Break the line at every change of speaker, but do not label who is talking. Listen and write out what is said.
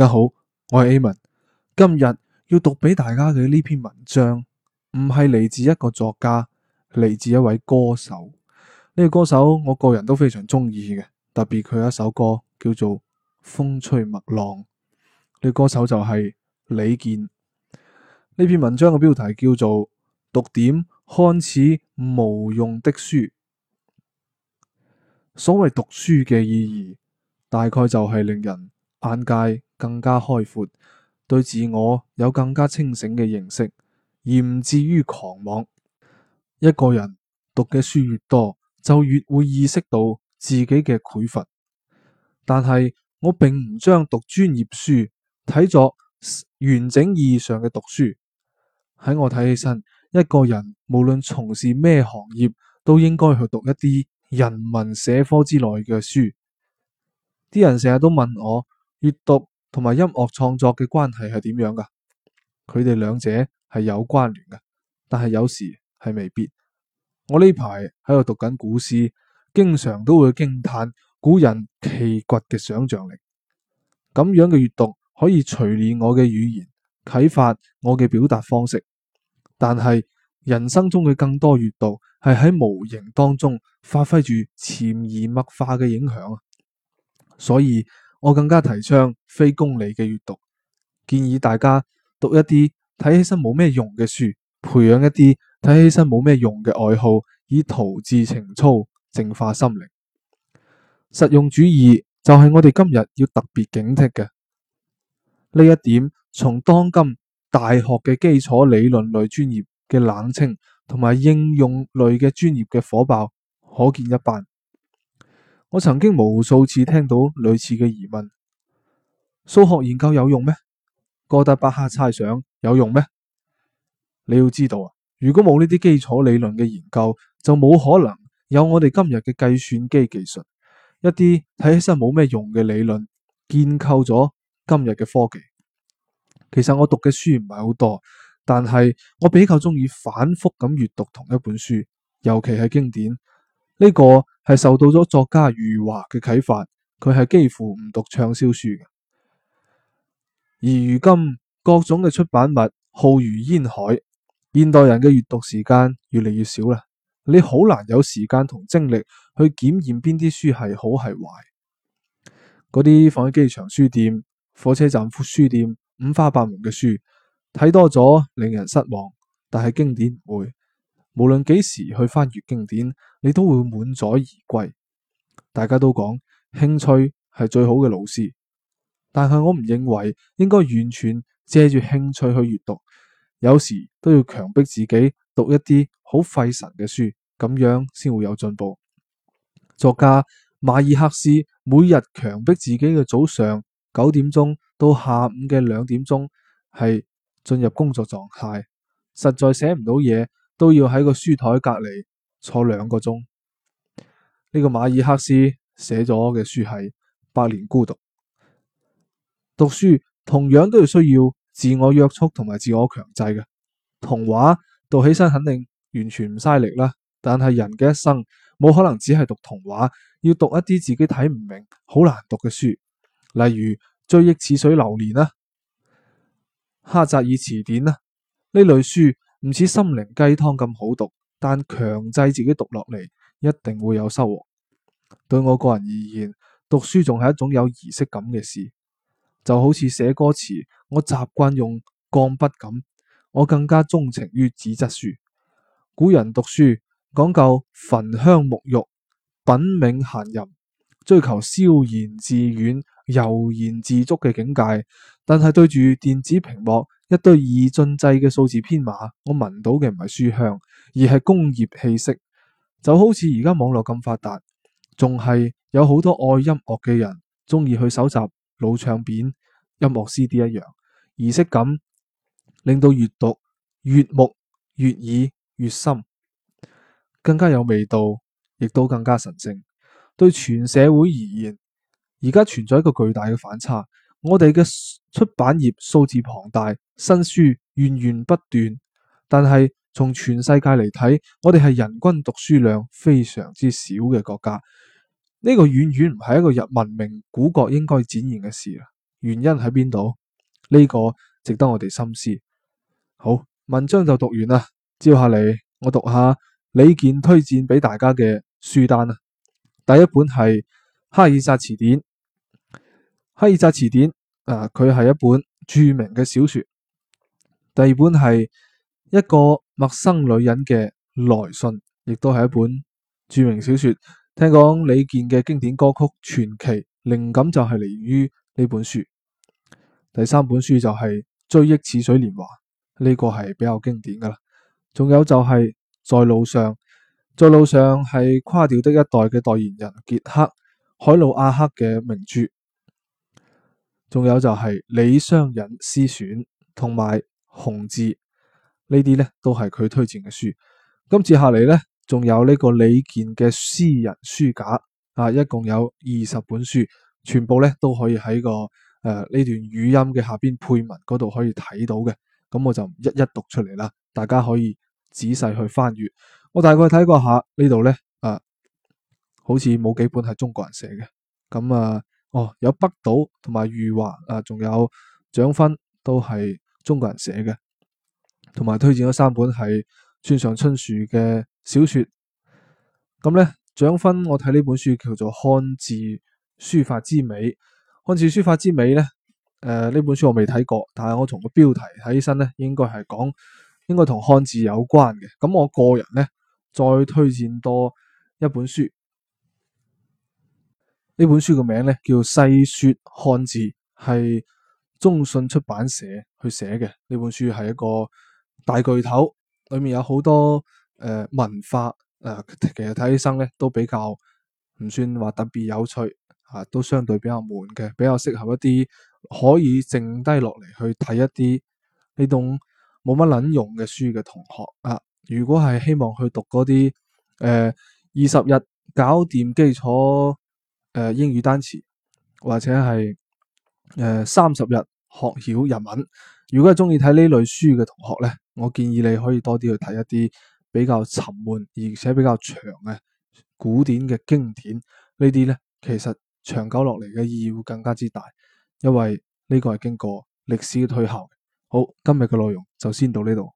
大家好，我係 Amen。今日要讀俾大家嘅呢篇文章，唔係嚟自一個作家，嚟自一位歌手。呢個歌手我個人都非常中意嘅，特別佢有一首歌叫做《風吹麥浪》。呢個歌手就係李健。呢篇文章嘅標題叫做《讀點看似無用的書》。所謂讀書嘅意義，大概就係令人眼界更加開闊，對自我有更加清醒嘅認識，而唔至於狂妄。一個人讀嘅書越多，就越會意識到自己嘅匱乏。但係我並唔將讀專業書睇作完整意義上嘅讀書。喺我睇起身，一個人無論從事咩行業，都應該去讀一啲人文社科之類嘅書。啲人成日都問我。閱讀同埋音樂創作嘅關係係點樣噶？佢哋兩者係有關聯嘅，但係有時係未必。我呢排喺度讀緊古詩，經常都會驚嘆古人奇崛嘅想象力。咁樣嘅閱讀可以錘煉我嘅語言，啟發我嘅表達方式。但係人生中嘅更多閱讀係喺無形當中發揮住潛移默化嘅影響啊！所以我更加提倡非功利嘅閱讀，建議大家讀一啲睇起身冇咩用嘅書，培養一啲睇起身冇咩用嘅愛好，以陶冶情操、淨化心靈。實用主義就係我哋今日要特別警惕嘅呢一點。從當今大學嘅基礎理論類專業嘅冷清，同埋應用類嘅專業嘅火爆，可見一斑。我曾經無數次聽到類似嘅疑問：數學研究有用咩？哥德巴赫猜想有用咩？你要知道啊，如果冇呢啲基礎理論嘅研究，就冇可能有我哋今日嘅計算機技術。一啲睇起身冇咩用嘅理論，建構咗今日嘅科技。其實我讀嘅書唔係好多，但係我比較鍾意反覆咁閱讀同一本書，尤其係經典。呢個係受到咗作家余華嘅啟發，佢係幾乎唔讀暢銷書嘅。而如今各種嘅出版物浩如煙海，現代人嘅閱讀時間越嚟越少啦，你好難有時間同精力去檢驗邊啲書係好係壞。嗰啲放喺機場書店、火車站書店五花八門嘅書，睇多咗令人失望，但係經典唔會。無論幾時去翻閱經典，你都會滿載而歸。大家都講興趣係最好嘅老師，但係我唔認為應該完全借住興趣去閱讀，有時都要強迫自己讀一啲好費神嘅書，咁樣先會有進步。作家馬爾克斯每日強迫自己嘅早上九點鐘到下午嘅兩點鐘係進入工作狀態，實在寫唔到嘢，都要喺個書台隔籬坐兩個鐘。呢個馬爾克斯寫咗嘅書係《百年孤獨》，讀書同樣都要需要自我約束同埋自我強制嘅。童話讀起身肯定完全唔嘥力啦，但係人嘅一生冇可能只係讀童話，要讀一啲自己睇唔明、好難讀嘅書，例如《追憶似水流年》啦，《哈扎爾辭典》啦呢類書。唔似心靈雞湯咁好讀，但強制自己讀落嚟，一定會有收穫。對我個人而言，讀書仲係一種有儀式感嘅事，就好似寫歌詞，我習慣用鋼筆咁，我更加鍾情於紙質書。古人讀書講究焚香沐浴、品茗閒吟，追求蕭然自遠。悠然自足嘅境界，但係對住電子屏幕一堆二進制嘅數字編碼，我聞到嘅唔係書香，而係工業氣息。就好似而家網絡咁發達，仲係有好多愛音樂嘅人中意去搜集老唱片、音樂 CD 一樣，儀式感令到閱讀悅目悅耳悅心，更加有味道，亦都更加神聖。對全社會而言，而家存在一個巨大嘅反差，我哋嘅出版業數字龐大，新書源源不斷，但係從全世界嚟睇，我哋係人均讀書量非常之少嘅國家，呢個遠遠唔係一個日文明古國應該展現嘅事啊！原因喺邊度？呢個值得我哋深思。好，文章就讀完啦，接下嚟我讀下李健推薦俾大家嘅書單啊，第一本係《哈爾薩詞典》。《哈扎爾詞典》啊，佢係一本著名嘅小說。第二本係《一個陌生女人嘅來信》，亦都係一本著名小說。聽講李健嘅經典歌曲《傳奇》靈感就係嚟源於呢本書。第三本書就係、是《追憶似水年華》，呢、這個係比較經典噶啦。仲有就係、是《在路上》，《在路上》係垮掉的一代嘅代言人傑克·凱魯亞克嘅名著。仲有就係李商隱詩選同埋紅字呢啲咧，都係佢推薦嘅書。咁接下嚟咧，仲有呢個李健嘅私人書架啊，一共有二十本書，全部咧都可以喺個誒呢、呃、段語音嘅下邊配文嗰度可以睇到嘅。咁我就唔一一讀出嚟啦，大家可以仔細去翻閱。我大概睇過下呢度咧啊，好似冇幾本係中國人寫嘅。咁啊～哦，有北島同埋余華啊，仲有蔣勳都係中國人寫嘅，同埋推薦咗三本係村上春樹嘅小說。咁咧，蔣勳我睇呢本書叫做漢字書法之美，漢字書法之美咧，誒呢、呃、本書我未睇過，但係我從個標題睇起身咧，應該係講應該同漢字有關嘅。咁我個人咧，再推薦多一本書。呢本書嘅名咧叫《細説漢字》，係中信出版社去寫嘅。呢本書係一個大巨頭，裏面有好多誒、呃、文化誒、呃，其實睇起身咧都比較唔算話特別有趣，嚇、啊、都相對比較悶嘅，比較適合一啲可以剩低落嚟去睇一啲呢種冇乜撚用嘅書嘅同學啊。如果係希望去讀嗰啲誒二十日搞掂基礎。誒、呃，英語單詞或者係誒、呃、三十日學曉日文。如果係中意睇呢類書嘅同學咧，我建議你可以多啲去睇一啲比較沉悶而且比較長嘅古典嘅經典呢啲咧，其實長久落嚟嘅意義會更加之大，因為呢個係經過歷史嘅推敲。好，今日嘅內容就先到呢度。